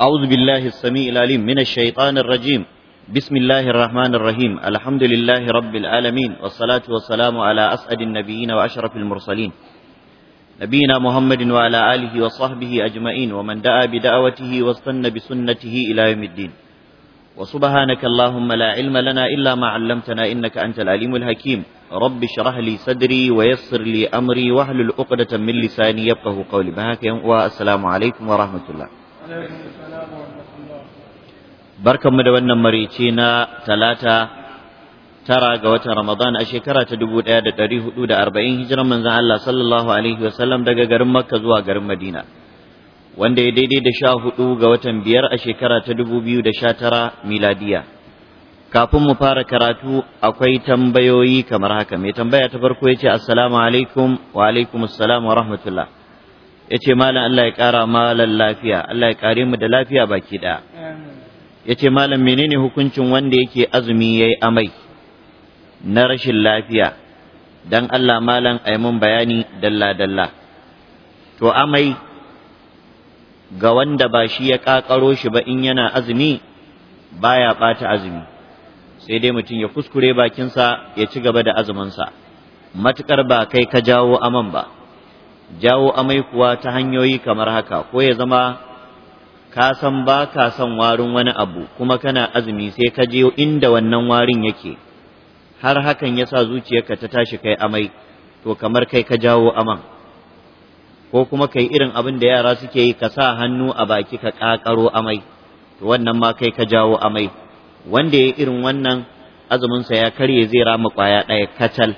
أعوذ بالله السميع العليم من الشيطان الرجيم بسم الله الرحمن الرحيم الحمد لله رب العالمين والصلاة والسلام على أسعد النبيين وأشرف المرسلين نبينا محمد وعلى آله وصحبه أجمعين ومن دعا بدعوته واستنى بسنته إلى يوم الدين وسبحانك اللهم لا علم لنا إلا ما علمتنا إنك أنت العليم الحكيم رب اشرح لي صدري ويسر لي أمري واحلل عقدة من لساني يفقه قولي بهاك والسلام عليكم ورحمة الله Barkanmu da wannan marici na talata tara ga watan Ramadan a shekara ta dubu ɗaya da ɗari hudu da arba'in hijiran manzan Allah sallallahu alaihi wasallam daga garin Makka zuwa garin Madina. Wanda ya daidai da sha hudu ga watan biyar a shekara ta dubu biyu da sha tara miladiya. Kafin mu fara karatu akwai tambayoyi kamar haka. Mai tambaya ta farko ya ce Assalamu alaikum wa alaikum assalam wa rahmatullah. ya ce malam Allah ya ƙara malam lafiya Allah ya ƙare mu da lafiya baki ɗaya ya ce malam menene hukuncin wanda yake azumi ya yi amai na rashin lafiya don Allah malam a mun bayani dalla-dalla to amai ga wanda ba shi ya ƙaƙaro shi ba in yana azumi baya ɓata azumi sai dai mutum ya kuskure bakinsa ya ci gaba da azuminsa matuƙar ba kai ka jawo aman ba jawo amai kuwa ta hanyoyi kamar haka ko ya zama ka san ba ka son warin wani abu kuma kana azumi sai ka je inda wannan warin yake har hakan ya sa zuciyarka ta tashi kai amai to kamar kai ka jawo aman ko kuma kai irin abin da yara suke yi ka sa hannu a baki ka ƙaƙaro amai to wannan ma kai ka jawo amai wanda ya irin wannan azuminsa ya karye zai rama ƙwaya ɗaya kacal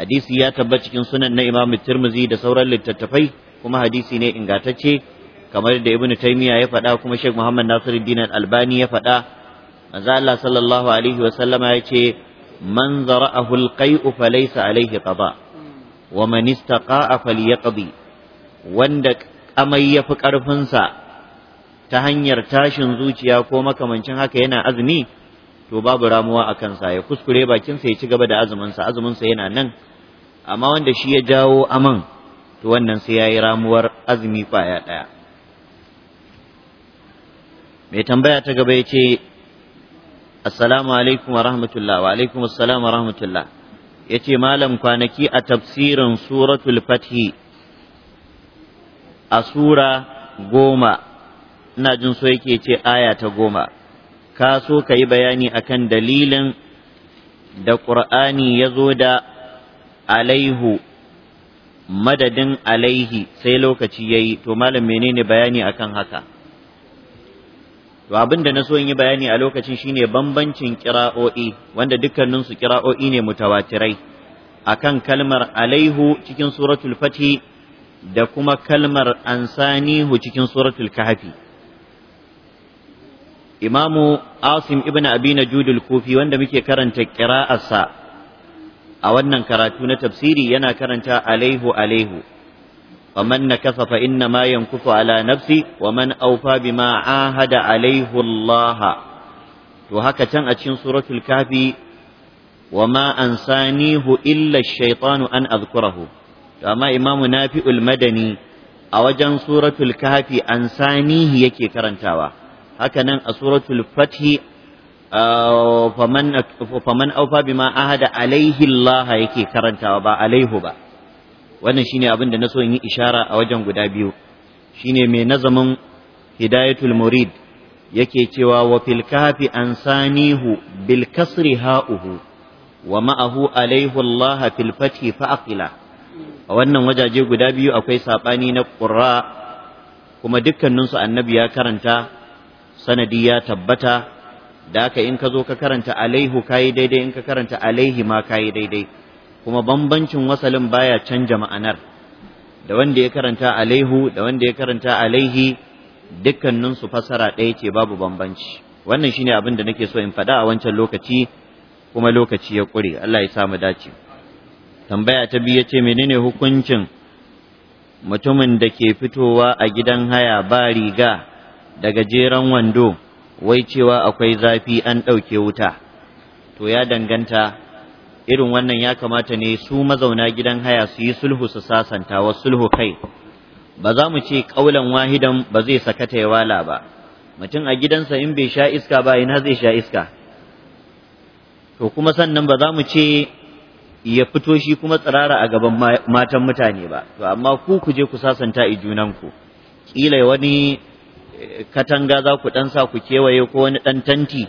hadisi ya tabbata cikin sunan na Imam Al-Tirmizi da sauran littattafai kuma hadisi ne ingantacce kamar da Ibn Taymiya ya faɗa kuma Sheikh Muhammad Nasiruddin Al-Albani ya faɗa manzo Allah sallallahu alaihi wa sallama ya ce man zara'ahu al falaysa alaihi qada wa man istaqa'a falyaqdi wanda amai ya fi ƙarfinsa ta hanyar tashin zuciya ko makamancin haka yana azumi to babu ramuwa a kansa ya kuskure bakinsa ya ci gaba da azuminsa azuminsa yana nan amma wanda shi ya jawo aman to wannan sai ya yi ramuwar azumi kwaya ɗaya mai tambaya ta gaba ya ce assalamu alaikum wa rahmatullah wa alaikum assalam wa rahmatullah ya ce malam kwanaki a tafsirin suratul fathi a sura goma ina jin so yake ce aya ta goma ka so ka yi bayani akan dalilin da ƙur'ani ya zo da alaihu madadin alaihi sai lokaci ya yi to malam menene bayani akan haka to abin na so in yi bayani a lokacin shine bambancin kira'o'i wanda dukkaninsu kira'o'i ne mutawatirai akan kalmar alaihu cikin suratul fati da kuma kalmar ansanihu cikin suratul kahfi imamu asim ibn abi najud al-kufi wanda muke karanta qira'arsa a wannan karatu na tafsiri yana karanta alaihu alaihu wa man nakasa fa inna ma yankufu ala nafsi wa man awfa bima ahada alaihu Allah to haka can a cikin suratul kafi wa ma sanihu illa ash an adhkurahu to amma imamu nafi'ul madani a wajen suratul kafi ansanihi yake karantawa hakanan a suratul fathi faman aufa bima ahada alaihi Allah yake karantawa ba alaihu ba wannan shine abin da na so in yi ishara a wajen guda biyu shine mai nazamin hidayatul murid yake cewa wa fil kafi ansanihu bil kasri ha'uhu wa ma'ahu alaihu Allah fil fathi fa aqila a wannan wajaje guda biyu akwai sabani na qurra kuma dukkaninsu annabi ya karanta sanadi ya tabbata da haka in ka zo ka karanta alaihu kayi daidai in ka karanta alaihi ma kayi daidai kuma bambancin wasalin baya canja ma'anar da wanda ya karanta alaihu da wanda ya karanta alaihi dukkanin su fasara ɗaya ce babu bambanci wannan shine abin da nake so in faɗa a wancan lokaci kuma lokaci ya ƙure Allah ya sa mu dace tambaya ta biyu ce menene hukuncin mutumin da ke fitowa a gidan haya ba riga da gajeren wando wai cewa akwai zafi an ɗauke wuta to ya danganta irin wannan ya kamata ne su mazauna gidan haya su yi sulhu su sasanta wa sulhu kai ba za mu ce ƙaulan wahidan ba zai sakata ya wala ba mutum a gidansa in bai sha iska ba ina zai sha iska to kuma sannan ba za mu ce ya fito shi kuma tsirara a gaban matan mutane ba to amma ku ku je ku sasanta i junanku kila wani katanga za ku ɗan sa ku kewaye ko wani ɗan tanti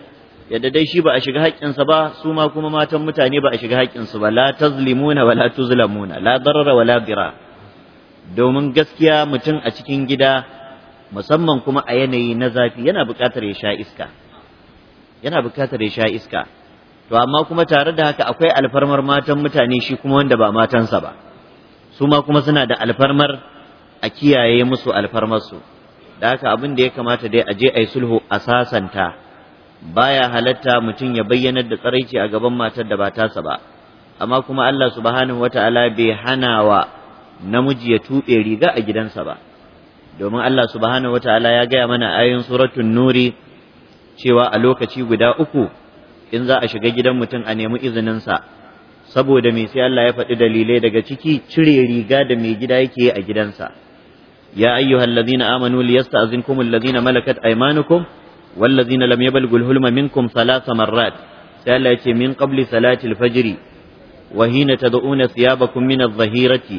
yadda dai shi ba a shiga haƙƙinsa ba su ma kuma matan mutane ba a shiga haƙƙinsu ba la tazlimuna wa tuzlamuna la darara wa la dira domin gaskiya mutum a cikin gida musamman kuma a yanayi na zafi yana buƙatar ya sha iska yana buƙatar ya sha iska to amma kuma tare da haka akwai alfarmar matan mutane shi kuma wanda ba matansa ba su ma kuma suna da alfarmar a kiyaye musu alfarmar su. da haka abin da ya kamata dai a je a yi sulhu a sasanta baya halatta mutum ya bayyanar da tsaraici a gaban matar da ba tasa ba amma kuma Allah subhanahu wata'ala bai hana wa namiji ya tuɓe riga a gidansa ba domin Allah subhanahu wata'ala ya gaya mana ayin suratun nuri cewa a lokaci guda uku in za a shiga gidan mutum a nemi izininsa saboda me sai Allah ya faɗi dalilai daga ciki cire riga da mai gida yake a gidansa يا أيها الذين آمنوا ليستأذنكم الذين ملكت أيمانكم والذين لم يبلغوا الهلم منكم ثلاث مرات سألت من قبل صلاة الفجر وحين تدعون ثيابكم من الظهيرة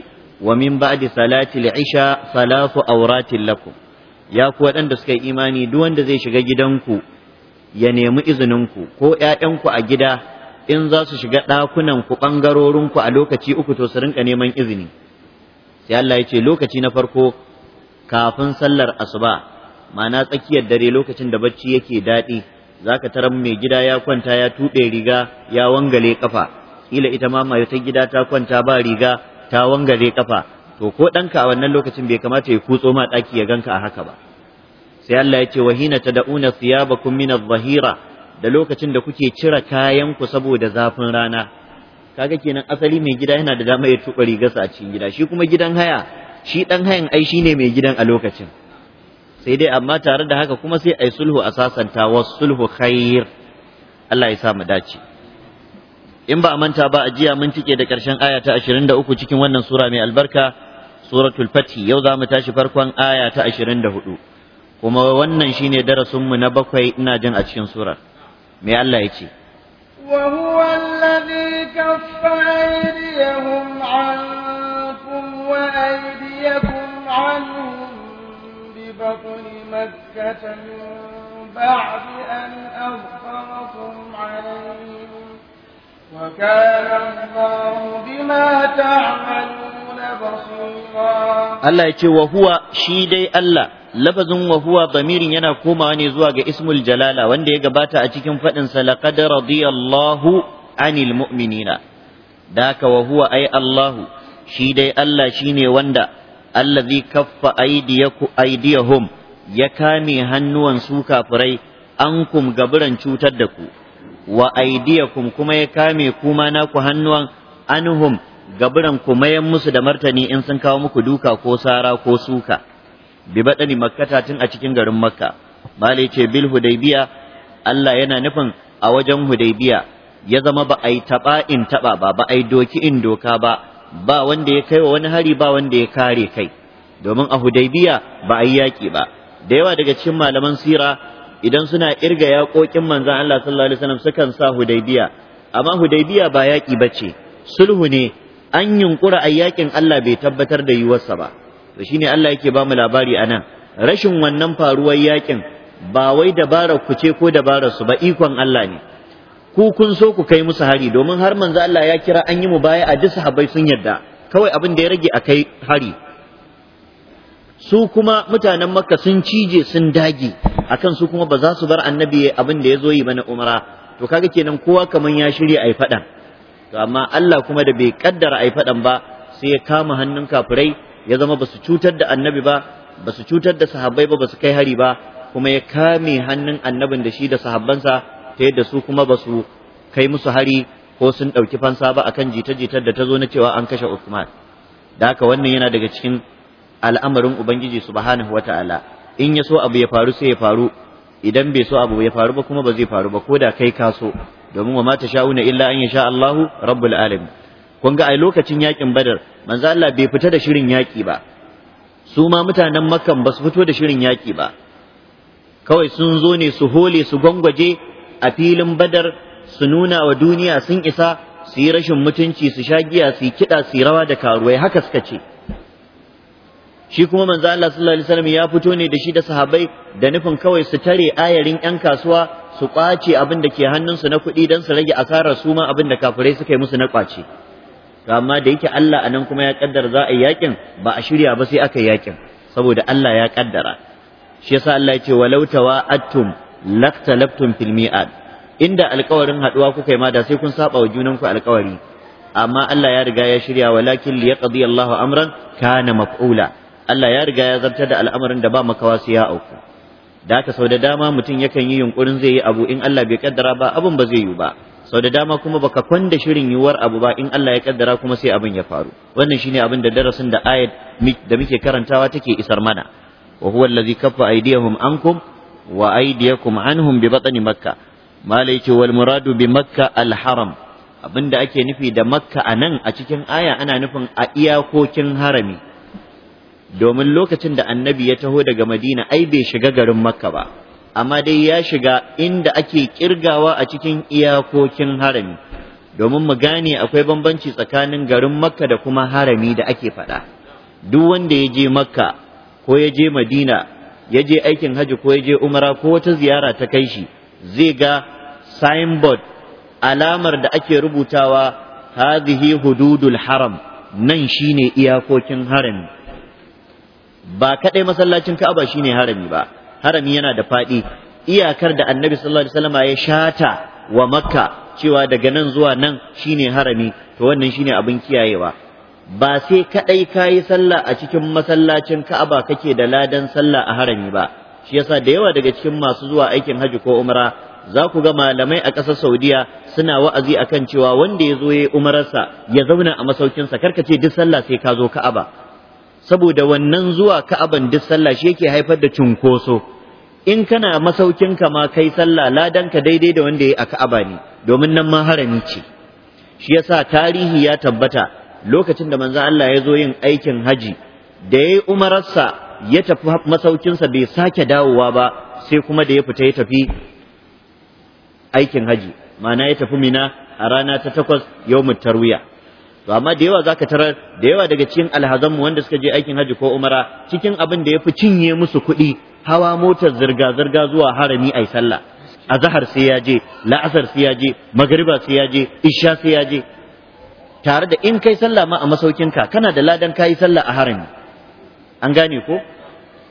ومن بعد صلاة العشاء ثلاث أورات لكم يا قوة أن تسكي إيماني دون دزي شغا جدنكو ينمو إذننكو كو يأنكو أجدا in za su shiga ɗakunanku ɓangarorinku a lokaci uku to su rinka neman izini sai Allah ya ce lokaci na farko kafin sallar asuba ma'ana tsakiyar dare lokacin da bacci yake daɗi za ka tarar mai gida ya kwanta ya tuɓe riga ya wangale kafa ƙila ita ma mai ta gida ta kwanta ba riga ta wangale kafa to ko ɗanka a wannan lokacin bai kamata ya kutso ma ɗaki ya ganka a haka ba sai Allah ya ce wahina ta da'una siya min adh-dhahira da lokacin da kuke cire kayan ku saboda zafin rana kaga kenan asali mai gida yana da dama ya tuɓa rigarsa a cikin gida shi kuma gidan haya shi ɗan hayan ai ne mai gidan a lokacin sai dai amma tare da haka kuma sai a yi sulhu a sasanta wa sulhu khair Allah ya sa mu dace in ba a manta ba a jiya mun cike da karshen aya ta 23 cikin wannan sura mai albarka suratul fathi yau za mu tashi farkon aya ta 24 kuma wannan shine darasin mu na bakwai ina jin a cikin surar mai Allah ya ce يَكُنْ عَنْهُم بِبَطْنِ مَكَّةَ مِن بَعْدِ أَنْ أَظْفَرَكُمْ عَلَيْهِمْ وَكَانَ اللَّهُ بِمَا تَعْمَلُونَ بَصِيرًا الله يقول وهو شيدي الله lafazin wa huwa damirin yana komawa ne zuwa ga ismul jalala wanda ya gabata a cikin faɗin sa laqad radiyallahu anil mu'minina daka wa huwa ay Allah shi dai Allah shine wanda allazi kaffa aydiyahum ya kame hannuwan su kafirai ankum gaburan cutar da ku wa aydiyakum kuma ya kame kuma naku hannuwan anhum gaburan ku mayan musu da martani in sun kawo muku duka ko sara ko suka bi badani makkata tun a cikin garin makka malai ce bil hudaybiya Allah yana nufin a wajen hudaybiya ya zama ba ai yi taba in taba ba ba a doki in doka ba ba wanda ya kai wa wani hari ba wanda ya kare kai domin a hudaibiya ba a yi yaƙi ba da yawa daga cikin malaman sira idan suna irga yaƙoƙin manzan Allah sallallahu alaihi wasallam sukan sa hudaibiya amma hudaibiya ba yaƙi bace sulhu ne an yunkura a yaƙin Allah bai tabbatar da yiwuwarsa ba to shine Allah yake ba mu labari anan rashin wannan faruwar yaƙin ba wai dabarar ku ce ko dabarar su ba ikon Allah ne ku kun so ku kai musu hari domin har manzo Allah ya kira an yi mu baya a duk sahabbai sun yarda kawai abin da ya rage a kai hari su kuma mutanen makka sun cije sun dage akan su kuma ba za su bar annabi abin da ya zo yi mana umara to kaga kenan kowa kaman ya shirya ai fadan to amma Allah kuma da bai kaddara ai fadan ba sai ya kama hannun kafirai ya zama basu cutar da annabi ba basu cutar da sahabbai ba basu kai hari ba kuma ya kame hannun annabin da shi da sahabbansa ta yadda su kuma ba su kai musu hari ko sun ɗauki fansa ba akan jita-jitar da ta zo na cewa an kashe Uthman da haka wannan yana daga cikin al'amarin Ubangiji subhanahu wata'ala in ya so abu ya faru sai ya faru idan bai so abu ya faru ba kuma ba zai faru ba ko da kai ka so domin wa ma sha'una illa an yasha Allahu rabbul alamin kun ga a lokacin yakin Badar manzo Allah bai fita da shirin yaki ba su ma mutanen Makkan ba su fito da shirin yaki ba kawai sun zo ne su hole su gwangwaje a filin badar su nuna wa duniya sun isa su yi rashin mutunci su sha giya su yi kiɗa su yi rawa da karuwai haka suka ce shi kuma manzo Allah sallallahu alaihi wasallam ya fito ne da shi da sahabbai da nufin kawai su tare ayarin yan kasuwa su kwace abin da ke hannunsu na kuɗi don su rage asarar su ma abin da kafirai suka yi musu na kwace to amma da yake Allah anan kuma ya kaddara za a yi yakin ba a shirya ba sai aka yi yakin saboda Allah ya kaddara shi yasa Allah ya ce walau tawa'attum laktalaftum fil mi'ad inda alkawarin haduwa kuka yi ma da sai kun saba wa junanku alkawari amma Allah ya riga ya shirya walakin liyaqdi Allahu amran kana maf'ula Allah ya riga ya zartar da al'amarin da ba makawa su ya auku da haka sau da dama mutum yakan yi yunkurin zai yi abu in Allah bai kaddara ba abun ba zai yi ba sau da dama kuma baka kwanda shirin yiwuwar abu ba in Allah ya kaddara kuma sai abin ya faru wannan shine abin da darasin da ayat da muke karantawa take isar mana wa huwa allazi kaffa aydiyahum ankum wa aydiyakum anhum bi batni makka malai ce wal muradu bi makka al haram abinda ake nufi da makka a nan a cikin aya ana nufin a iyakokin harami domin lokacin da annabi ya taho daga madina ai bai shiga garin makka ba amma dai ya shiga inda ake kirgawa a cikin iyakokin harami domin mu gane akwai bambanci tsakanin garin makka da kuma harami da ake faɗa duk wanda ya je makka ko ya je madina ya je aikin hajji ko ya je umara ko wata ziyara ta kai shi zai ga signboard alamar da ake rubutawa hadhihi hududul haram nan shine iyakokin harami ba kaɗai masallacin Ka'aba shine harami ba harami yana da faɗi iyakar da Annabi sallallahu alaihi wasallam ya shata wa Makka cewa daga nan zuwa nan shine harami to wannan shine abin kiyayewa ba sai kadai yi sallah a cikin masallacin Ka'aba kake da ladan sallah a harami ba shi yasa da yawa daga cikin masu zuwa aikin hajji ko umra za ku ga malamai a ƙasar Saudiya suna wa'azi akan cewa wanda ya zo yayi umararsa ya zauna a masaukinsa ce duk sallah sai ka zo Ka'aba saboda wannan zuwa ka'aban duk sallah shi yake haifar da cunkoso in kana masaukin ka ma kai sallah ladanka daidai da wanda ya a ka'aba ne domin nan ma harami ce shi yasa tarihi ya tabbata lokacin da manzo Allah ya zo yin aikin haji da yayi umararsa ya tafi masaukinsa bai sake dawowa ba sai kuma da ya fita ya tafi aikin haji ma'ana ya tafi mina a rana ta takwas yau tarwiya to amma da yawa zaka tarar da yawa daga cikin alhazanmu wanda suka je aikin haji ko umara cikin abin da ya fi cinye musu kuɗi hawa motar zirga zirga zuwa harami ai sallah azhar sai ya je la'asar sai ya je magriba sai ya je isha sai ya je tare da in kai sallah ma a masaukin ka, kana da ladan kayi sallah a harami an gane ko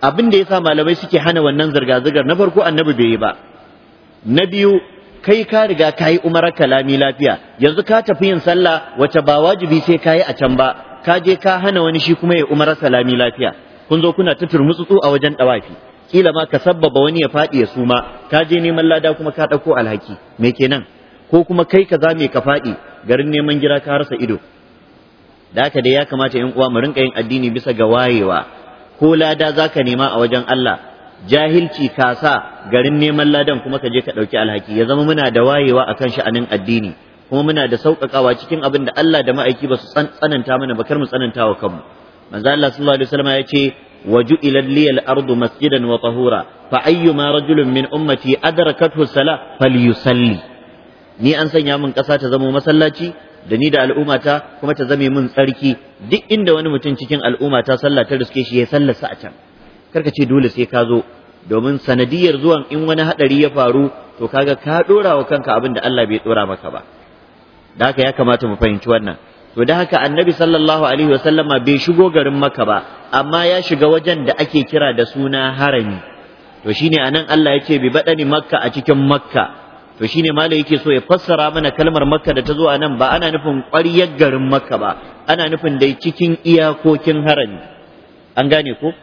abin da yasa malamai suke hana wannan zirga-zirgar na farko annabi bai yi ba na biyu kai ka riga ka yi umarar kalami lafiya yanzu ka tafi yin sallah wace ba wajibi sai ka a can ba ka je ka hana wani shi kuma ya umarar salami lafiya kun zo kuna ta turmutsutsu a wajen dawafi kila ma ka sabbaba wani ya faɗi ya suma ka je neman lada kuma ka ɗauko alhaki me kenan ko kuma kai za me ka faɗi garin neman jira ka rasa ido da haka dai ya kamata yan uwa mu rinka yin addini bisa ga wayewa ko lada zaka nema a wajen Allah jahilci ka sa garin neman ladan kuma ka je ka ɗauki alhaki ya zama muna da wayewa akan sha'anin addini kuma muna da sauƙaƙawa cikin abin da Allah da ma'aiki ba su tsananta mana ba kar mu tsananta wa kanmu manzo Allah sallallahu alaihi wasallam ya ce وجئل لي الأرض مسجدا وطهورا فأيما رجل من أمتي أدركته الصلاة فليصلي ni an sanya min ƙasa ta zama masallaci da ni da al'ummata kuma ta zame min tsarki duk inda wani mutum cikin al'ummata sallah ta riske shi ya sallarsa a can karka ce dole sai ka zo domin sanadiyar zuwan in wani hadari ya faru to kaga ka dora wa kanka abin da Allah bai dora maka ba da haka ya kamata mu fahimci wannan to da haka annabi sallallahu alaihi wasallama bai shigo garin maka ba amma ya shiga wajen da ake kira da suna harami to shine anan Allah ya ce bi badani makka a cikin makka to shine mala yake so ya fassara mana kalmar makka da ta zo a nan ba ana nufin ƙwaryar garin makka ba ana nufin dai cikin iyakokin harami an gane ko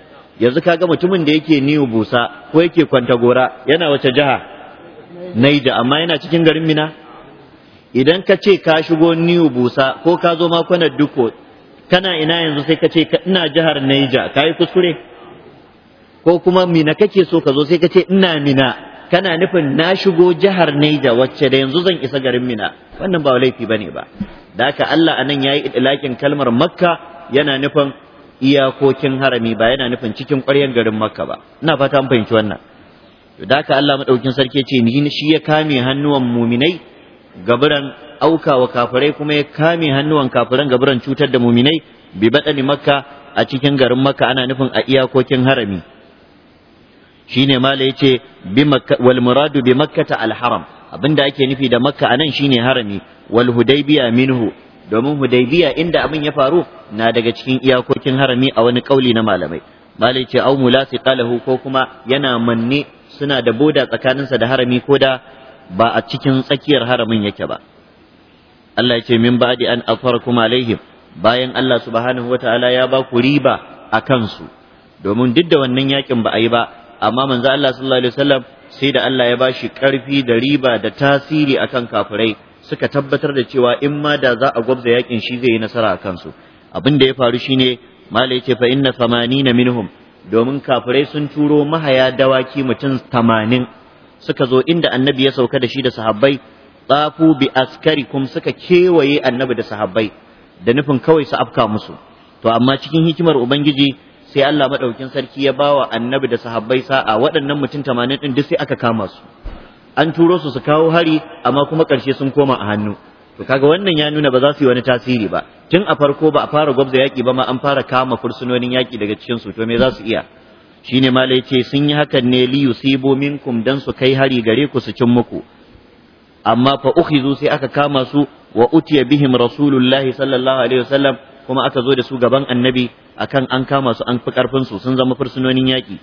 yanzu kaga mutumin da yake niyo busa ko yake kwanta gora yana wace jiha naija amma yana cikin garin mina idan ka ce ka shigo niyo busa ko ka zo makonar duko kana ina yanzu sai ka ce ina jihar naija ka yi kuskure ko kuma mina kake so ka zo sai ka ce ina mina kana nufin na shigo jihar Neja wacce da yanzu zan isa garin Mina wannan ba laifi bane ba da haka Allah anan yayi idlakin kalmar Makka yana nufin iyakokin harami ba yana nufin cikin ƙwaryar garin Makka ba ina fata an fahimci wannan da haka Allah madaukin sarki ce ni shi ya kame hannuwan muminai gaburan aukawa kafirai kuma ya kame hannuwan kafiran gaburan cutar da muminai bi badani Makka a cikin garin Makka ana nufin a iyakokin harami shine mala yace bi wal muradu bi makkata al haram abinda ake nufi da makka anan shine harami wal hudaybiya minhu domin hudaybiya inda abin ya faru na daga cikin iyakokin harami a wani kauli na malamai malai ce au qalahu ko kuma yana manne suna da boda tsakaninsa da harami ko da ba a cikin tsakiyar haramin yake ba Allah ya ce min ba'di an afarkum alaihim bayan Allah subhanahu wataala ya ba ku riba a kansu domin duk da wannan yakin ba a yi ba amma manzo Allah sallallahu alaihi wasallam sai da Allah ya bashi karfi da riba da tasiri akan kafirai suka tabbatar da cewa in ma da za a gwabza yakin shi zai yi nasara akan su abin da ya faru shine mala yace fa inna samanina minhum domin kafirai sun turo mahaya dawaki mutum 80 suka zo inda annabi ya sauka da shi da sahabbai tsafu bi askarikum suka kewaye annabi da sahabbai da nufin kawai su afka musu to amma cikin hikimar ubangiji sai Allah madaukin sarki ya bawa annabi da sahabbai sa'a waɗannan mutum tamanin din duk sai aka kama su an turo su su kawo hari amma kuma ƙarshe sun koma a hannu to kaga wannan ya nuna ba za su yi wani tasiri ba tun a farko ba a fara gwabza yaki ba ma an fara kama fursunonin yaki daga cikin su to me za su iya shine ma ce sun yi hakan ne li yusibu minkum dan su kai hari gare ku su cin muku amma fa ukhizu sai aka kama su wa utiya bihim rasulullahi sallallahu alaihi wasallam kuma aka zo da su gaban annabi akan an kama su an fi karfin su sun zama fursunonin yaki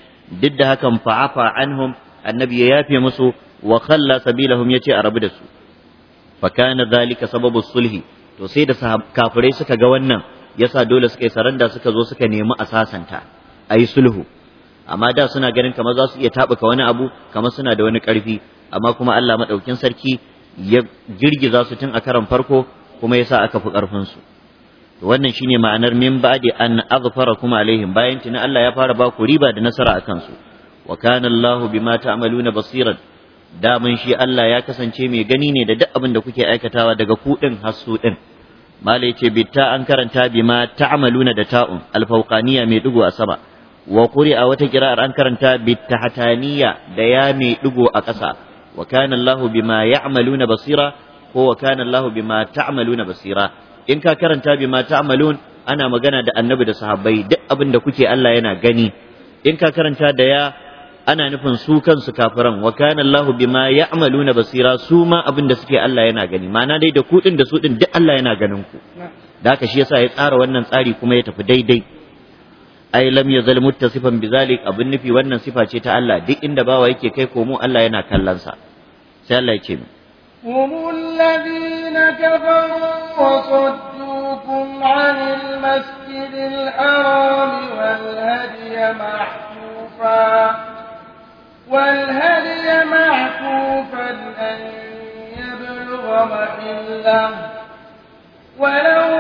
duk da hakan fa'afa anhum annabi ya yafe musu wa khalla sabilahum yace a rabu da su fa kana dhalika sababu sulhi to sai da kafirai suka ga wannan yasa dole suka yi saranda suka zo suka nemi a sasanta ayi sulhu amma da suna ganin kamar za su iya taɓuka wani abu kamar suna da wani ƙarfi amma kuma Allah maɗaukin sarki ya girgiza su tun a karan farko kuma yasa aka fi ƙarfinsu su wannan shine ma'anar min ba'di an aghfarakum alaihim bayan tuni Allah ya fara ba ku riba da nasara akan su wa kana Allah bima ta'maluna basiran daman shi Allah ya kasance mai gani ne da duk abin da kuke aikatawa daga ku din har su din malai ce bitta an karanta bima ta'maluna da ta'un alfauqaniya mai digo a sama wa a wata kira'ar an karanta bittahataniya da ya mai digo a ƙasa wa kana Allah bima ya'maluna basira ko wa kana Allah bima ta'maluna basira in ka karanta bi ma ta'malun ana magana da annabi da sahabbai duk abin da kuke Allah yana gani in ka karanta da ya ana nufin su kansu kafiran wa kana Allahu bima ya'maluna basira su ma abin da suke Allah yana gani ma'ana dai da ku din da su din duk Allah yana ganin ku da haka shi yasa ya tsara wannan tsari kuma ya tafi daidai ai lam yazal muttasifan bizalik abin nufi wannan sifa ce ta Allah duk inda bawa yake kai komo Allah yana kallon sa sai Allah ya ce mu هم الذين كفروا وصدوكم عن المسجد الحرام والهدي معكوفا والهدي معكوفا أن يبلغ محله ولو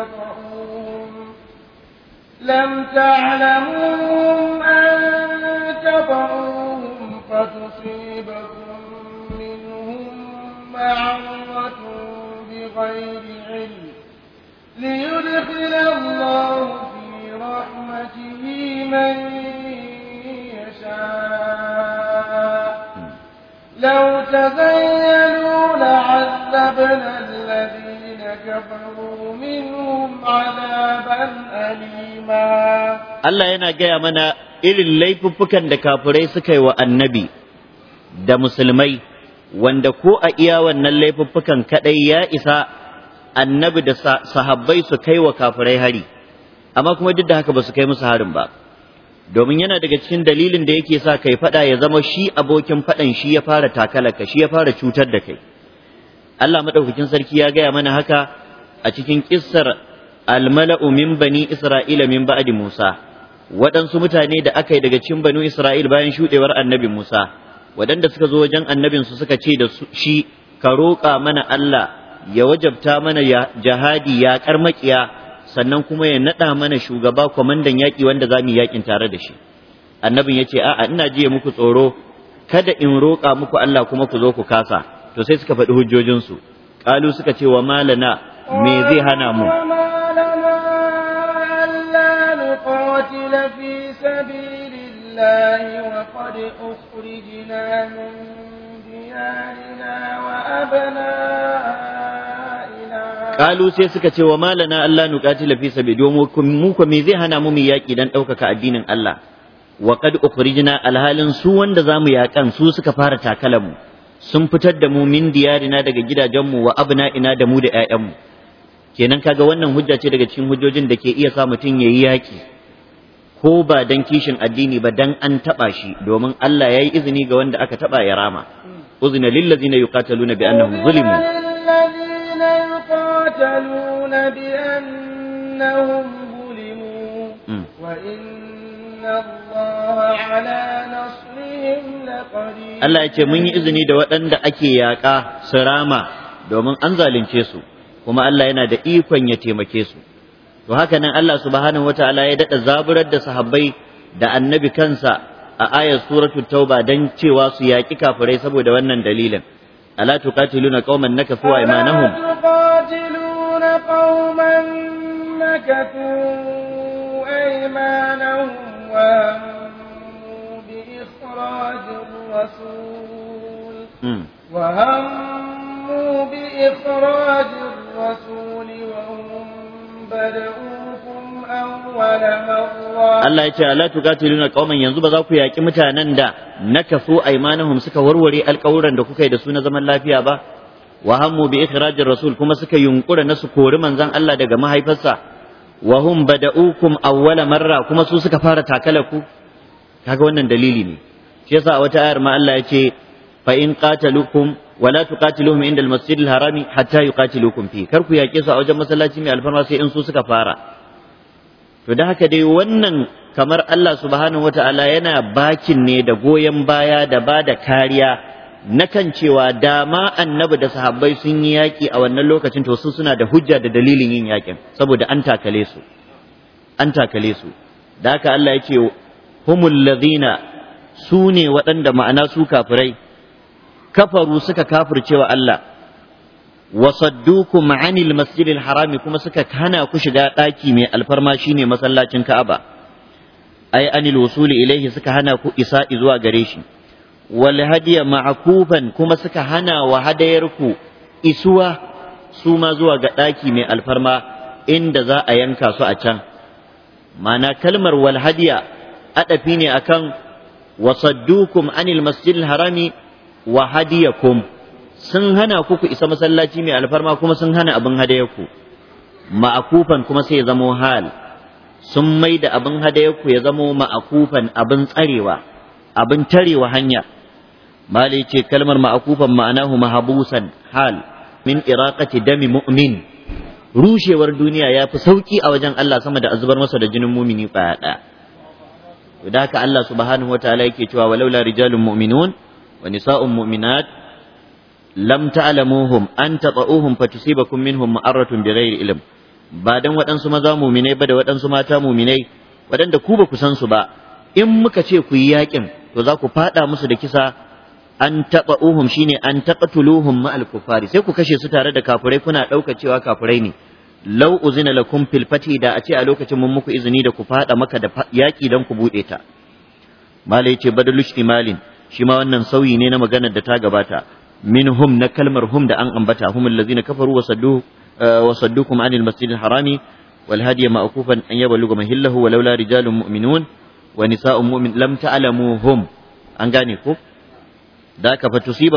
تطؤون لم تعلموهم أن تبعوهم فتصيبكم منهم معرة بغير علم ليدخل الله في رحمته من يشاء لو تزينوا لعذبنا allah yana gaya mana irin laifuffukan da kafirai suka yi wa annabi da musulmai wanda ko a iya wannan laifuffukan kaɗai ya isa annabi da sahabbai su kai wa kafirai hari amma kuma duk da haka ba su kai musu harin ba domin yana daga cikin dalilin da yake sa kai faɗa ya zama shi abokin faɗan shi ya fara takalaka shi ya fara cutar da kai Allah madaukakin sarki ya gaya mana haka a cikin kissar almala'u min bani isra'ila min ba'di Musa waɗansu mutane da aka yi daga cikin bani Isra'il bayan shuɗewar annabi Musa waɗanda suka zo wajen annabin su suka ce da shi ka roƙa mana Allah ya wajabta mana jihadi ya karmakiya sannan kuma ya naɗa mana shugaba kwamandan yaƙi wanda za mu yaƙin tare da shi annabin ya ce a'a ina jiya muku tsoro kada in roƙa muku Allah kuma ku zo ku kasa to sai suka faɗi hujjojinsu ƙalu suka ce wa malana me zai hana mu وقد kalu sai suka ce wa malana Allah nuqatila fi sabili mu mu ko me zai hana mu mu yaƙi dan ɗaukaka addinin Allah wa qad ukhrijna alhalin su wanda zamu yakan su suka fara takalan mu sun fitar da mu min diyarina daga gidajenmu wa ina da mu da 'ya'yanmu kenan kaga wannan hujja ce daga cikin hujjojin da ke iya sa mutum yayi yaki ko ba dan kishin addini ba dan an taba shi domin Allah yayi izini ga wanda aka taba ya rama uzina lil ladina yuqataluna bi annahum zulimu yuqataluna bi annahum zulimu mm. wa Allah ya ce mun yi izini da waɗanda ake yaƙa su rama domin an zalunce su kuma Allah yana da ikon ya taimake su to haka nan Allah subhanahu wataala ya daɗa zaburar da sahabbai da annabi kansa a ayar suratul tauba dan cewa su yaƙi kafirai saboda wannan dalilin ala tuqatiluna qauman nakasu aymanahum tuqatiluna qauman nakasu aymanahum Wa hamu biye Allah ya ciyayya alatu gaci rina kawomin yanzu ba za ku yaki mutanen da na tafi ayimanin suka warware alƙawuran da kuka yi da su na zaman lafiya ba. Wa hamu biye farajar wasuunii kuma suka yunkura na su kori manzan Allah daga mahaifarsa. wa hum bada'ukum awwala marra kuma su suka fara takalaku, kaga wannan dalili ne shi yasa a wata ayar ma Allah ya ce fa in qatalukum wala tuqatiluhum inda al-masjidil harami hatta yuqatilukum fi kar ku yake su a wajen masallaci mai alfarma sai in su suka fara to da haka dai wannan kamar Allah subhanahu wata'ala yana bakin ne da goyon baya da ba da kariya na kan cewa dama annabi da sahabbai sun yi yaƙi a wannan lokacin to sun suna da hujja da dalilin yin yaƙin saboda an takale su an takale su da haka Allah ya humul ladhina su ne waɗanda ma'ana su kafirai kafaru suka kafircewa Allah wa saddukum anil masjidil harami kuma suka hana ku shiga ɗaki mai alfarma shine masallacin Ka'aba ai anil wusuli ilaihi suka hana ku isa zuwa gare shi wal hadiya ma'kufan kuma suka hana wa hadayarku isuwa su ma zuwa ga ɗaki mai alfarma inda za a yanka su a can mana kalmar wal hadiya adafi ne akan wasaddukum anil masjidil harami wa hadiyakum sun hana kuku isa masallaci mai alfarma kuma sun hana abin hadayarku ma'akufan kuma sai ya zamo hal sun mai da abin hadayarku ya zamo ma'akufan abin tsarewa abin tarewa hanya mali ce kalmar mu ma'akufan ma'anahu mahabusan hal min iraqati dami mu'min rushewar duniya ya fi sauki a wajen Allah sama da azubar masa da jinin mumini kwaya ɗaya da haka Allah subhanahu wataala yake cewa walaula rijalun mu'minun wa nisa'un mu'minat lam ta'lamuhum an tata'uhum fatusibakum minhum ma'aratun ba dan waɗansu maza muminai ba da waɗansu mata muminai waɗanda ku ba ku san su ba in muka ce ku yi yakin to za ku faɗa musu da kisa an taɓa uhum shine an taɓa ma'al kufari sai ku kashe su tare da kafurai kuna ɗauka cewa kafurai ne lau uzina lakum fil da a ce a lokacin mun muku izini da ku faɗa maka da yaƙi dan ku buɗe ta malai ce badalu malin shi ma wannan sauyi ne na maganar da ta gabata min hum na kalmar hum da an ambata hum allazina kafaru wa saddu eh, wa saddukum anil masjidil harami wal hadiya ma'kufan an yabaluga mahillahu wa laula rijalun mu'minun wa nisa'un mu'min lam ta'lamuhum an gane ko da ka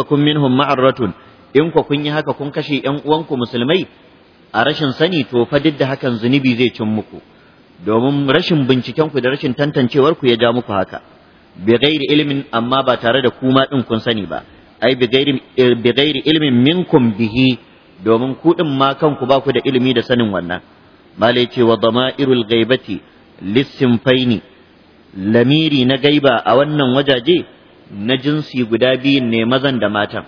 kun minhum ma'arratun in ku kun yi haka kun kashe ƴan uwanku musulmai a rashin sani to fa duk da hakan zunubi zai cin muku domin rashin binciken ku da rashin tantancewar ku ya ja muku haka bi ghairi ilmin amma ba tare da kuma din kun sani ba ai bi ghairi eh, ilmin minkum bihi domin ku din ma kanku ba ku da ilimi da sanin wannan malai ce wa dama'irul ghaibati lissinfaini lamiri na gaiba a wannan wajaje na jinsi guda biyun ne mazan da matan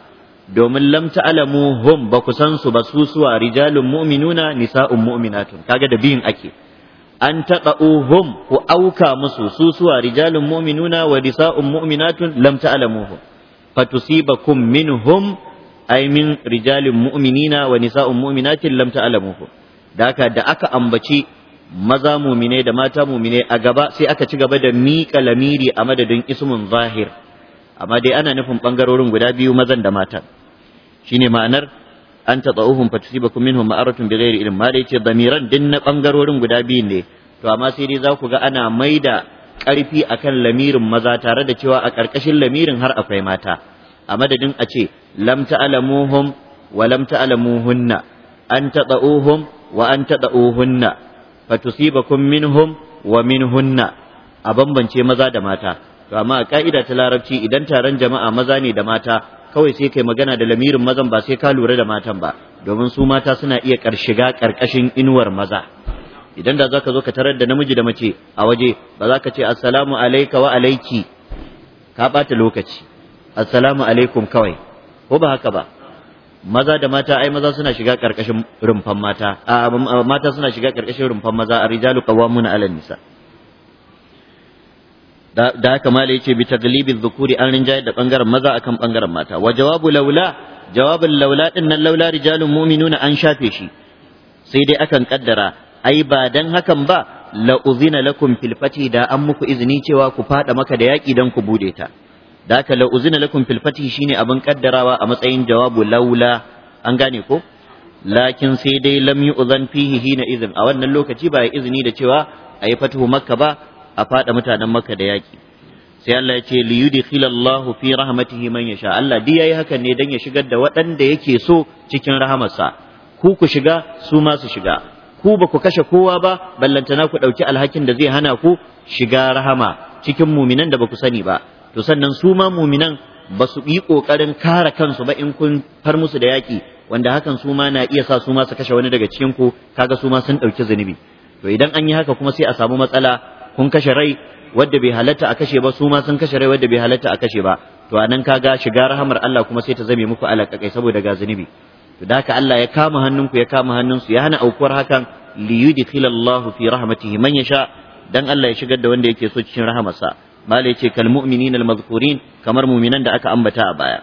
domin lam ta'lamu hum ba ku san su ba su suwa rijalun mu'minuna nisa'un mu'minatun kaga da biyun ake an taqa'u hum ku auka musu su suwa rijalun mu'minuna wa nisa'un mu'minatun lam ta'lamuhum fatusibakum minhum ay min rijalin mu'minina wa nisa'un mu'minatin lam ta'lamuhum da aka da aka ambaci maza mumine da mata mumine a gaba sai aka ci gaba da miƙa lamiri a madadin ismun zahir amma dai ana nufin bangarorin guda biyu mazan da Shi shine ma'anar an tata'uhum fatusibakum minhum ma'aratun bighairi ilm ma dai ce damiran din na bangarorin guda biyu ne to amma sai dai za ku ga ana mai da ƙarfi akan lamirin maza tare da cewa a ƙarƙashin lamirin har akwai mata a madadin a ce lam ta'lamuhum wa lam ta'lamuhunna an tata'uhum wa an tata'uhunna fatusibakum minhum wa minhunna a bambance maza da mata to amma ka'ida ta larabci idan taron jama'a maza ne da mata kawai sai kai magana da lamirin mazan ba sai ka lura da matan ba domin su mata suna iya karshiga karkashin inuwar maza idan da zaka zo ka tarar da namiji da mace a waje ba za ka ce assalamu alayka wa alayki ka bata lokaci assalamu alaikum kawai ko ba haka ba maza da mata ai maza suna shiga karkashin rumfan mata a mata suna shiga karkashin rumfan maza a rijalu qawwamuna 'alan nisa' da haka mala yace bi taglibiz zukuri an rinjaye da bangaren maza akan bangaren mata wa jawabu laula jawabul laula din nan laula rijalun mu'minuna an shafe shi sai dai akan kaddara ai ba dan hakan ba la uzina lakum fil fati da an muku izini cewa ku fada maka da yaki dan ku bude ta da haka la uzina lakum fil fati shine abin kaddarawa a matsayin jawabu laula an gane ko lakin sai dai lam yu'zan fihi hina izin a wannan lokaci ba ya izini da cewa ayi fatuhu makka ba a fada mutanen Makka da yaki sai Allah ya ce li yudkhilallahu fi rahmatihi man yasha Allah dai yayi hakan ne dan ya shigar da waɗanda yake so cikin rahamarsa ku ku shiga su ma su shiga ku ba ku kashe kowa ba ballantana ku ɗauki alhakin da zai hana ku shiga rahama cikin muminan da ba ku sani ba to sannan su ma muminan ba su yi ƙoƙarin kare kansu ba in kun far musu da yaki wanda hakan su ma na iya sa su ma su kashe wani daga cikin ku kaga su ma sun ɗauki zunubi to idan an yi haka kuma sai a samu matsala kun kashe rai wadda bai halatta a kashe ba su ma sun kashe rai wadda bai halatta a kashe ba to anan kaga shiga rahamar Allah kuma sai ta zame muku alaƙaƙai saboda ga zunubi to da haka Allah ya kama hannunku ya kama hannunsu ya hana aukuwar hakan li yudkhilallahu fi rahmatihi man yasha dan Allah ya shigar da wanda yake so cikin rahamarsa mala yace kal mu'minina al kamar mu'minan da aka ambata a baya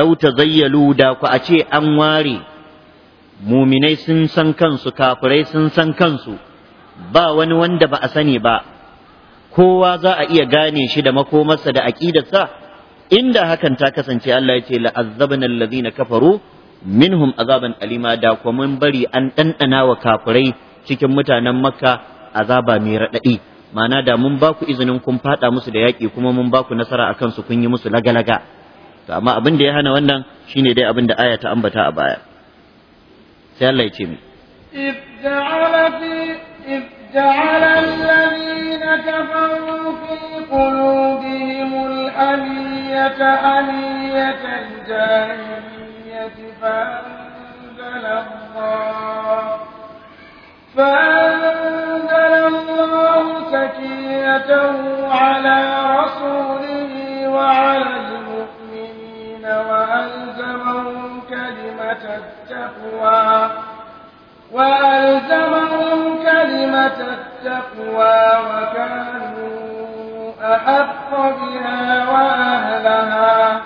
law tazayyalu da ku a ce an ware mu'minai sun san kansu kafirai sun san kansu ba wani wanda ba a sani ba kowa za a iya gane shi da makomarsa da aƙidarsa inda hakan ta kasance Allah ya ce la'azzabna allazina kafaru minhum azaban alima da kuma mun bari an ɗanɗana wa kafurai cikin mutanen makka azaba mai raɗaɗi ma'ana da mun ba ku izinin kun faɗa musu da yaƙi kuma mun ba ku nasara akan su kun yi musu lagalaga to amma abin da ya hana wannan shine dai abin da aya ta ambata a baya sai Allah ya ce mi إذ جعل الذين كفروا في قلوبهم الحمية حمية الجاهلية فأنزل الله فأنزل الله سكينته على رسوله وعلى المؤمنين وألزمهم كلمة التقوى وألزمهم كلمة التقوى وكانوا أحق بها وأهلها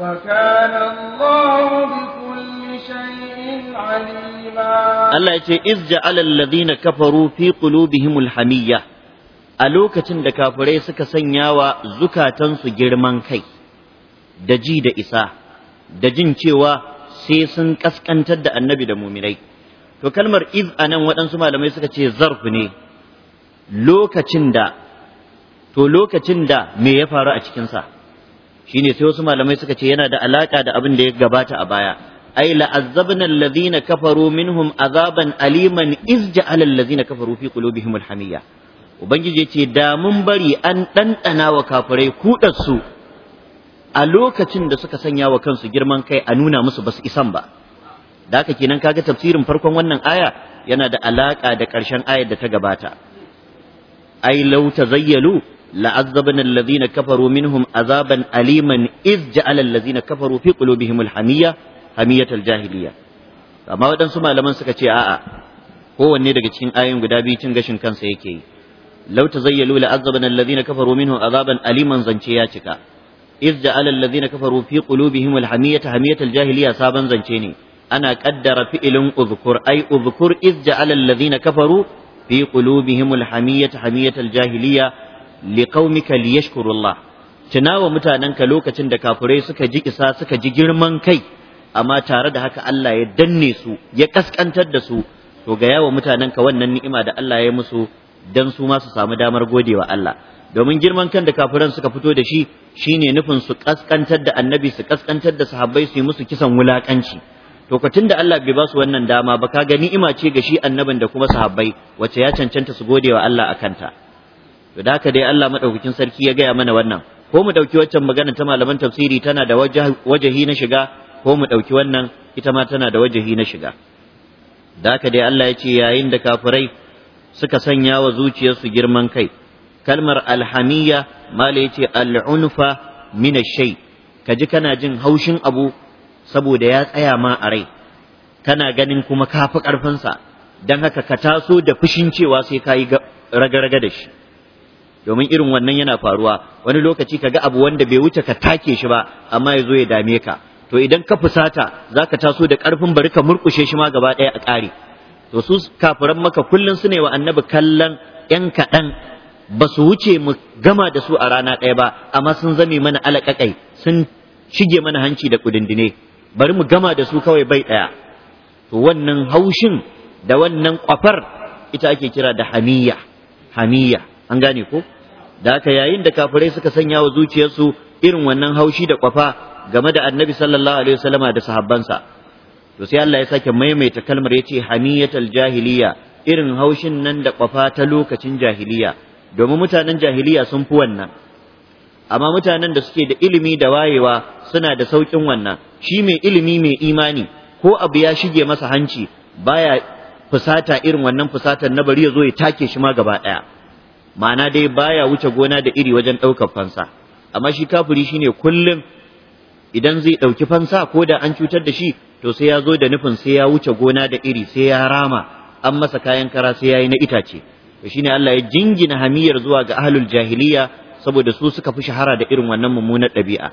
وكان الله بكل شيء عليما الله يقول إذ جعل الذين كفروا في قلوبهم الحمية a lokacin da kafirai suka sanya wa zukatansu girman kai da ji da isa da jin cewa sai sun kaskantar da annabi da muminai to kalmar iz nan waɗansu malamai suka ce zarf ne lokacin da to lokacin da me ya faru a cikinsa ne sai wasu malamai suka ce yana da alaƙa da abin da ya gabata a baya ai la'azzabna alladhina kafaru minhum azaban aliman izja ja'ala alladhina kafaru fi qulubihim alhamiyya ubangiji ce da mun bari an ɗanɗana wa kafirai kuɗarsu a lokacin da suka sanya wa kansu girman kai a nuna musu basu isan ba da haka kenan kaga tafsirin farkon wannan aya yana da alaka da ƙarshen ayar da ta gabata ai law tazayyalu la'azzabna alladhina kafaru minhum azaban aliman iz ja'ala alladhina kafaru fi qulubihim alhamiyya hamiyatal jahiliyya amma waɗansu malaman suka ce a'a kowanne daga cikin ayoyin guda biyu cin gashin kansa yake yi law tazayyalu la'azzabna alladhina kafaru minhum azaban aliman zance ya cika iz ja'ala alladhina kafaru fi qulubihim alhamiyata hamiyatal jahiliya saban zance ne ana kaddara fi'ilin uzkur ai uzkur iz ja'ala alladhina kafaru fi qulubihim alhamiyata hamiyatal jahiliya liqaumika liyashkurullah tunawa mutanenka lokacin da kafurai suka ji isa suka ji girman kai amma tare da haka Allah ya danne su ya kaskantar da su to ga yawa mutanenka wannan ni'ima da Allah ya musu dan su ma su samu damar godewa Allah domin girman kan da kafiran suka fito da shi shine nufin su kaskantar da annabi su kaskantar da sahabbai su yi musu kisan wulakanci lokacin da Allah bai ba su wannan dama ba ka gani ima ce ga shi annabin da kuma sahabbai wacce ya cancanta su gode wa Allah a kanta to da haka dai Allah madaukakin sarki ya gaya mana wannan ko mu dauki waccan magana ta malaman tafsiri tana da wajahi na shiga ko mu dauki wannan ita ma tana da wajahi na shiga da haka dai Allah ya ce yayin da kafirai suka sanya wa zuciyarsu girman kai kalmar alhamiya mala yace al'unfa min ash-shay kaji kana jin haushin abu saboda ya tsaya ma a rai kana ganin kuma ka fi ƙarfinsa don haka ka taso da fushin cewa sai ka yi raga-raga da shi domin irin wannan yana faruwa wani lokaci ka ga abu wanda bai wuce ka take shi ba amma ya zo ya dame ka to idan ka fusata za ka taso da ƙarfin bari ka murkushe shi ma gaba ɗaya a ƙare to su kafiran maka kullum su ne wa annabi kallon ‘yan kaɗan ba su wuce mu gama da su a rana ɗaya ba amma sun zame mana alaƙaƙai sun shige mana hanci da ƙudundune bari mu gama da su kawai bai ɗaya to wannan haushin da wannan kwafar ita ake kira da hamiya hamiya an gane ko da aka yayin da kafirai suka sanya wa zuciyarsu irin wannan haushi da kwafa game da annabi sallallahu alaihi wasallama da sahabbansa to sai Allah ya sake maimaita kalmar yace hamiyatal jahiliya irin haushin nan da kwafa ta lokacin jahiliya domin mutanen jahiliya sun fi wannan amma mutanen da suke da ilimi da wayewa suna da saukin wannan shi mai ilimi mai imani ko abu ya shige masa hanci baya fusata irin wannan fusatar na bari ya zo ya take shi ma gaba ɗaya ma'ana dai baya wuce gona da iri wajen ɗaukar fansa amma shi kafiri shine kullum idan zai ɗauki fansa ko da an cutar da shi to sai ya zo da nufin sai ya wuce gona da iri sai ya rama an masa kayan kara sai ya yi na itace to shine Allah ya jingina hamiyar zuwa ga ahlul jahiliya saboda su suka fi shahara da irin wannan mummunar ɗabi'a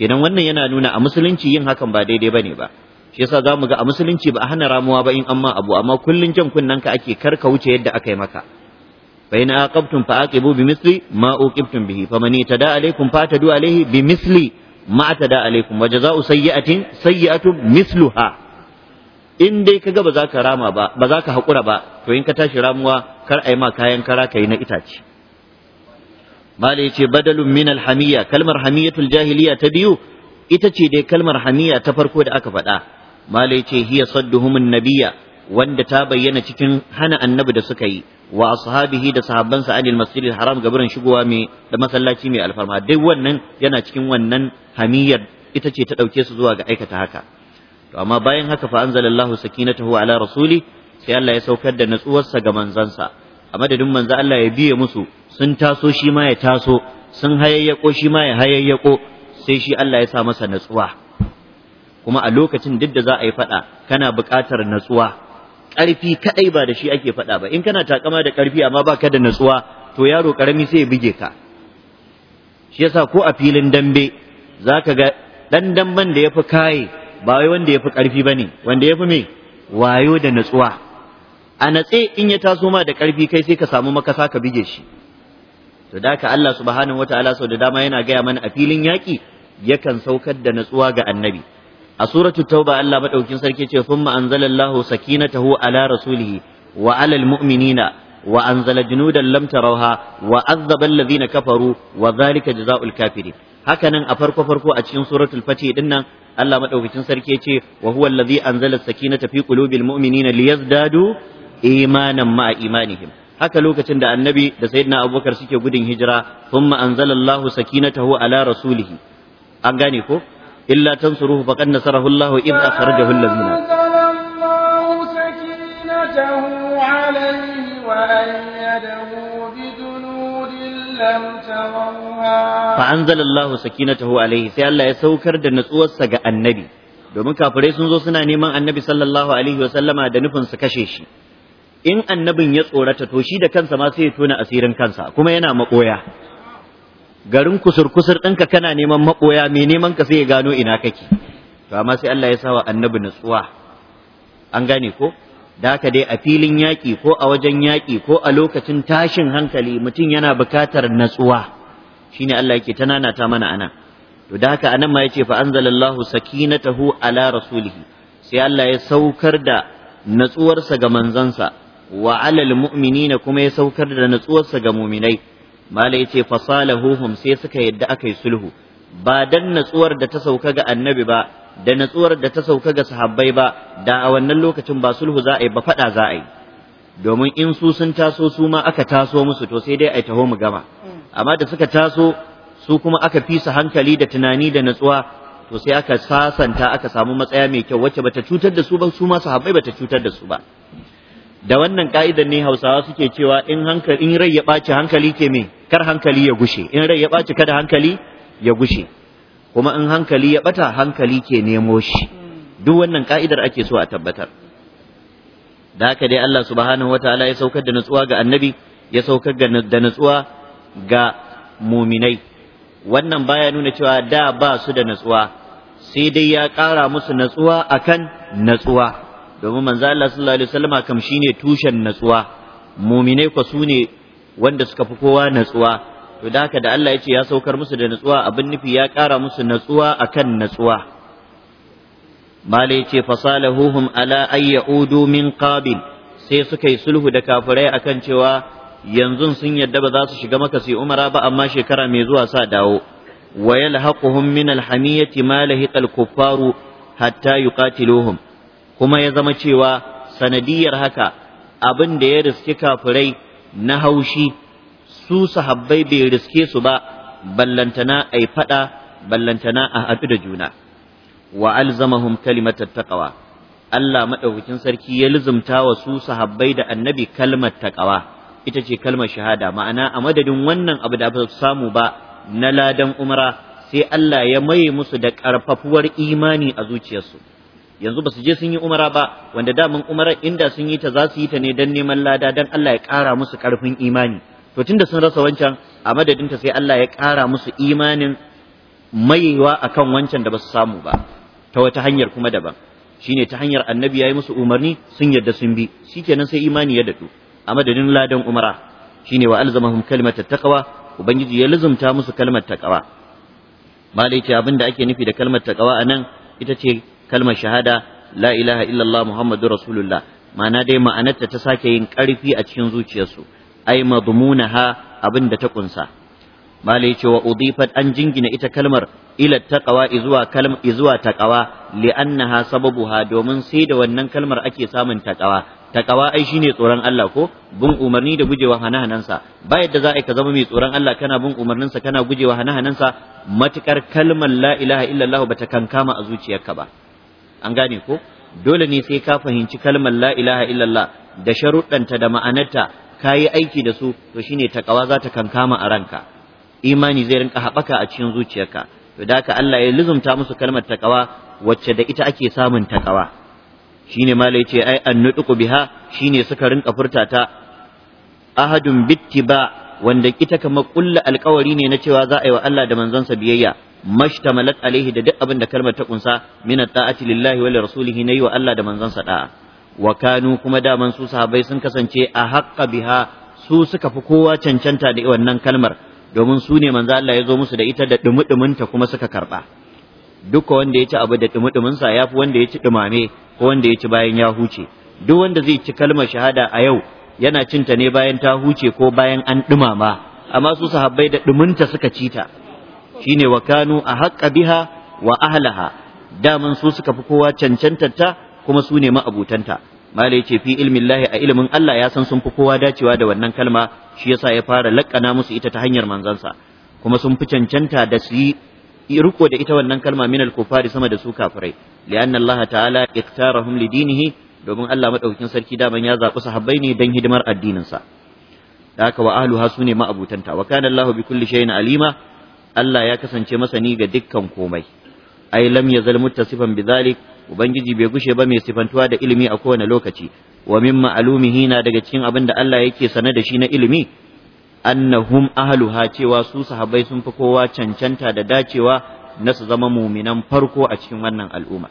kenan wannan yana nuna a musulunci yin hakan ba daidai bane ba shi yasa zamu ga a musulunci ba a hana ramuwa ba in amma abu amma kullun jan ka ake ka wuce yadda aka yi maka fa in aqabtum fa aqibu misli ma uqibtum bihi faman itada alaykum fatadu alayhi misli ma atada alaykum wa jazaa'u sayyi'atin sayyi'atun misluha. in dai ka ga ba za ka rama ba ba za ka haƙura ba to in ka tashi ramuwa kar a yi ma kayan kara ka yi na itace mala yace badalun min alhamiyya kalmar hamiyatul jahiliya ta biyu ita ce dai kalmar hamiya ta farko da aka faɗa mala yace hiya sadduhumun nabiyya wanda ta bayyana cikin hana annabi da suka yi wa ashabihi da sahabbansa anil masjidil haram gaburin shigowa mai da masallaci mai alfarma dai wannan yana cikin wannan hamiyar ita ce ta ɗauke su zuwa ga aikata haka to amma bayan haka fa anzalallahu sakinatahu ala rasuli sai Allah ya saukar da natsuwarsa ga manzansa a madadin manzo Allah ya biye musu sun taso shi ma ya taso sun hayayyako shi ma ya hayayyako sai shi Allah ya sa masa natsuwa kuma a lokacin duk da za a yi faɗa kana buƙatar natsuwa ƙarfi kaɗai ba da shi ake faɗa ba in kana takama da ƙarfi amma ba ka da natsuwa to yaro ƙarami sai ya buge ka shi yasa ko a filin dambe za ka ga ɗan damben da ya fi kaye ba wai wanda ya fi ƙarfi ba wanda ya fi me wayo da natsuwa a natse in ya taso ma da ƙarfi kai sai ka samu makasa ka buge shi to da ka Allah subhanahu wataala sau da dama yana gaya mana a filin yaƙi yakan saukar da natsuwa ga annabi a suratul tauba Allah madaukin sarki ce thumma anzalallahu sakinatahu ala rasulihi wa alal mu'minina wa anzala junudan lam tarawha wa azzaba alladhina kafaru wa dhalika jazaa'ul kafirin hakanan a farko farko a cikin suratul fati din nan Allah madaukakin sarki ce wa huwa allazi anzala as-sakinata fi qulubil mu'minina liyazdadu imanan ma'a imanihim haka lokacin da annabi da sayyidina abubakar suke gudun hijira thumma anzalallahu sakinatahu ala rasulihi an gane ko illa tansuruhu faqad nasarahu allah id akhrajahu allazina فأنزل الله سكينته عليه sai Allah ya saukar da natsuwarsa ga annabi domin kafirai sun zo suna neman annabi sallallahu alaihi wasallama da nufin su kashe shi in annabin ya tsorata to shi da kansa ma sai ya tona asirin kansa kuma yana makoya garin kusur-kusur ɗinka kana neman makoya mai neman ka sai ya gano ina kake to amma sai Allah ya sa wa annabi nutsuwa an gane ko da haka dai a filin yaki, ko a wajen yaƙi ko a lokacin tashin hankali mutum yana buƙatar natsuwa shine Allah yake ta nanata mana anan to da haka anan ma yace fa anzalallahu sakinatahu ala rasulih sai Allah ya saukar da natsuwarsa ga manzansa wa alal mu'minina kuma ya saukar da natsuwarsa ga muminai mala yace fasalahu sai suka yadda aka yi sulhu ba dan natsuwar da ta sauka ga annabi ba da natsuwar da ta sauka ga sahabbai ba da a wannan lokacin ba sulhu za a yi ba faɗa za a yi domin in su sun taso su ma aka taso musu to sai dai a taho mu gama amma da suka taso su kuma aka fisa hankali da tunani da natsuwa to sai aka sasanta aka samu matsaya mai kyau wacce bata cutar da su ba su ma sahabbai bata cutar da su ba da wannan ka'idar ne hausawa suke cewa in hankali in rai ya ɓaci hankali ke me kar hankali ya gushe in rai ya ɓaci kada hankali ya gushe kuma in hankali ya ɓata hankali ke nemo shi duk wannan ka'idar ake so a tabbatar da haka dai Allah subhanahu wataala ya saukar da nutsuwa ga annabi ya saukar da nutsuwa ga muminai wannan baya nuna cewa da ba su da nutsuwa sai dai ya ƙara musu natsuwa akan natsuwa domin manzo Allah sallallahu alaihi wasallama kam shine tushen natsuwa muminai ko sune wanda suka fi kowa natsuwa to da haka da Allah ya ce ya saukar musu da natsuwa abin nufi ya kara musu natsuwa akan natsuwa mala ya ce fasalahuhum ala ayyaudu min qabil sai suka yi sulhu da kafirai akan cewa yanzu sun yadda ba za su shiga maka sai umara ba amma shekara mai zuwa sa dawo wa yalhaquhum min alhamiyati ma lahiqa alkuffaru hatta yuqatiluhum kuma ya zama cewa sanadiyar haka abin da ya riske kafirai na haushi su sahabbai bai riske su ba ballantana ai faɗa, ballantana a haɗu da juna wa alzamahum kalimatar taƙawa Allah maɗaukacin sarki ya lizumta wa su sahabbai da annabi kalmar taƙawa ita ce kalmar shahada ma'ana a madadin wannan abu da ba samu ba na ladan umara sai Allah ya maye musu da ƙarfafuwar imani a zuciyarsu yanzu ba su je sun yi umara ba wanda daman umara inda sun yi ta za su yi ta ne dan neman lada dan Allah ya ƙara musu ƙarfin imani to tunda sun rasa wancan a madadin ta sai Allah ya ƙara musu imanin mayewa akan wancan da ba su samu ba ta wata hanyar kuma daban shine ta hanyar annabi ya yi musu umarni sun yarda sun bi shikenan sai imani ya dadu a madadin ladan umara shine wa alzamahum kalimatat taqwa ubangiji ya lazumta musu kalmar taqwa malai ce abinda ake nufi da kalmar taqwa anan ita ce kalmar shahada la ilaha illallah muhammadu rasulullah ma'ana dai ma'anarta ta sake yin ƙarfi a cikin zuciyarsu ai madmunaha abin da ta kunsa mala yace wa udifat an jingina ita kalmar ila taqwa izuwa kalm izuwa taqwa li'annaha sababuha domin sai da wannan kalmar ake samun taqwa taqwa ai shine tsoron Allah ko bin umarni da gujewa hanahanansa ba yadda za ka zama mai tsoron Allah kana bin umarninsa kana gujewa hanahanansa matukar kalmar la ilaha illallah bata kankama a zuciyarka ba an gane ko dole ne sai ka fahimci kalmar la ilaha illallah da sharuɗanta da ma'anarta ka yi aiki da su to shine takawa za ta kankama a ranka imani zai rinka haɓaka a cikin zuciyarka to da haka Allah ya lizumta musu kalmar takawa wacce da ita ake samun takawa shine ma ce ai annutuku biha shine suka rinka furta ta ahadun bittiba wanda ita kamar ƙulla alƙawari ne na cewa za a yi wa Allah da manzonsa biyayya mashtamalat alaihi da duk abin da kalmar ta kunsa min ta'ati lillahi wa na nayi wa Allah da manzon sa da'a wa kanu kuma daman su sahabbai sun kasance a haqqa biha su suka fi kowa cancanta da wannan kalmar domin su ne manzo Allah ya zo musu da ita da ta kuma suka karba duka wanda ya ci abu da dumudumin ya fi wanda ya ci dumame ko wanda ya ci bayan ya huce duk wanda zai ci kalmar shahada a yau yana cinta ne bayan ta huce ko bayan an dumama amma su sahabbai da dumunta suka ci ta shine wa kanu a haƙa biha wa ahlaha daman su suka fi kowa cancantarta kuma su ne ma'abutanta mala ce fi ilmin lahi a ilimin Allah ya san sun fi kowa dacewa da wannan kalma shi yasa ya fara laƙana musu ita ta hanyar manzansa kuma sun fi cancanta da su yi riko da ita wannan kalma min al-kufari sama da su kafirai li'anna Allah ta'ala iktarahum li dinihi domin Allah madaukakin sarki daman ya zaɓi sahabbai ne dan hidimar addinin sa da haka wa ahluha sune ma'abutanta wa kana Allah bi kulli shay'in alima Allah ya kasance masani ga dukkan komai ai lam yazal muttasifan bidhalik ubangiji bai gushe ba mai sifantuwa da ilimi a kowane lokaci wa min ma'alumihi na daga cikin abin da Allah yake sane da shi na ilimi annahum ahluha cewa su sahabbai sun fi kowa cancanta da dacewa na su zama muminan farko a cikin wannan al'umma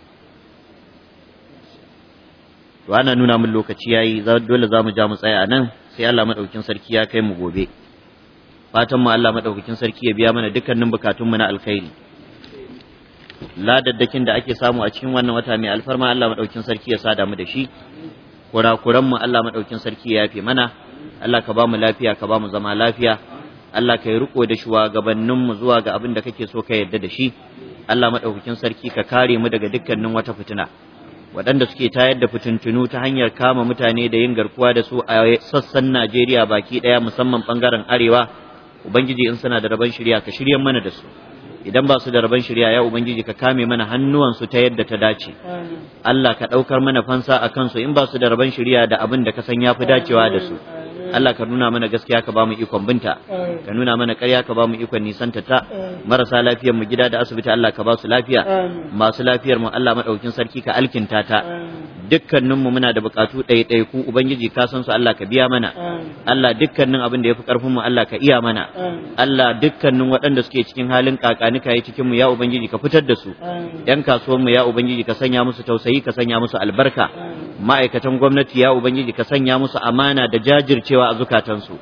to ana nuna min lokaci yayi dole za mu ja mu tsaya nan sai Allah madaukin sarki ya kai mu gobe fatan mu Allah madaukakin sarki ya biya mana dukkanin mu na alkhairi ladaddakin da ake samu a cikin wannan wata mai alfarma Allah madaukakin sarki ya sada mu da shi kurakuran mu Allah madaukakin sarki ya yafe mana Allah ka ba mu lafiya ka ba mu zama lafiya Allah ka yi riko da shugabannin mu zuwa ga abin da kake so ka yarda da shi Allah madaukakin sarki ka kare mu daga dukkanin wata fitina waɗanda suke tayar da fitintunu ta hanyar kama mutane da yin garkuwa da su a sassan Najeriya baki ɗaya musamman ɓangaren arewa ubangiji in suna da rabon shirya ka shirya mana da su idan ba su da rabon shirya ya ubangiji ka kame mana hannuwansu ta yadda ta dace Allah ka ɗaukar mana fansa a kansu in ba su da rabon shirya da abin da ka san ya fi dacewa da su Allah ka nuna mana gaskiya ka ba mu ikon binta ka nuna mana ƙarya ka ba mu ikon nisanta ta marasa lafiyar mu gida da asibiti Allah ka ba su lafiya masu lafiyar mu Allah madaukin sarki ka alkinta ta dukkanin mu muna da bukatu ku ubangiji ka san su Allah ka biya mana Allah dukkanin abin da yafi karfin mu Allah ka iya mana Allah dukkanin waɗanda suke cikin halin kakanika ya cikin mu ya ubangiji ka fitar da su yan kasuwan mu ya ubangiji ka sanya musu tausayi ka sanya musu albarka ma'aikatan gwamnati ya ubangiji ka sanya musu amana da jajircewa daurewa a zukatansu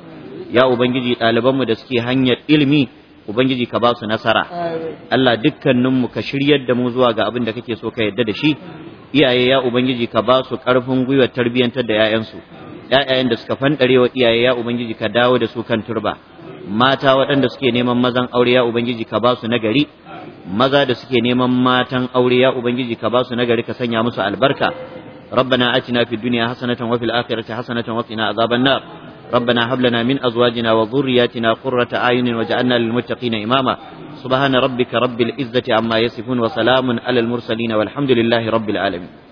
ya ubangiji ɗalibanmu da suke hanyar ilimi ubangiji ka ba su nasara Allah dukkaninmu ka shiryar da mu zuwa ga abin da kake so ka yadda da shi iyaye ya ubangiji ka ba su ƙarfin gwiwar tarbiyyantar da 'ya'yansu 'ya'yan da suka fanɗare wa iyaye ya Ubangiji ka dawo da su kan turba, mata waɗanda suke neman mazan aure ya Ubangiji ka ba su nagari, maza da suke neman matan aure ya Ubangiji ka ba su nagari ka sanya musu albarka. Rabbana atina fid duniya hasanatan wa fil akhirati hasanatan wa qina azaban nar. ربنا هب لنا من أزواجنا وذرياتنا قرة أعين واجعلنا للمتقين إماما سبحان ربك رب العزة عما يصفون وسلام على المرسلين والحمد لله رب العالمين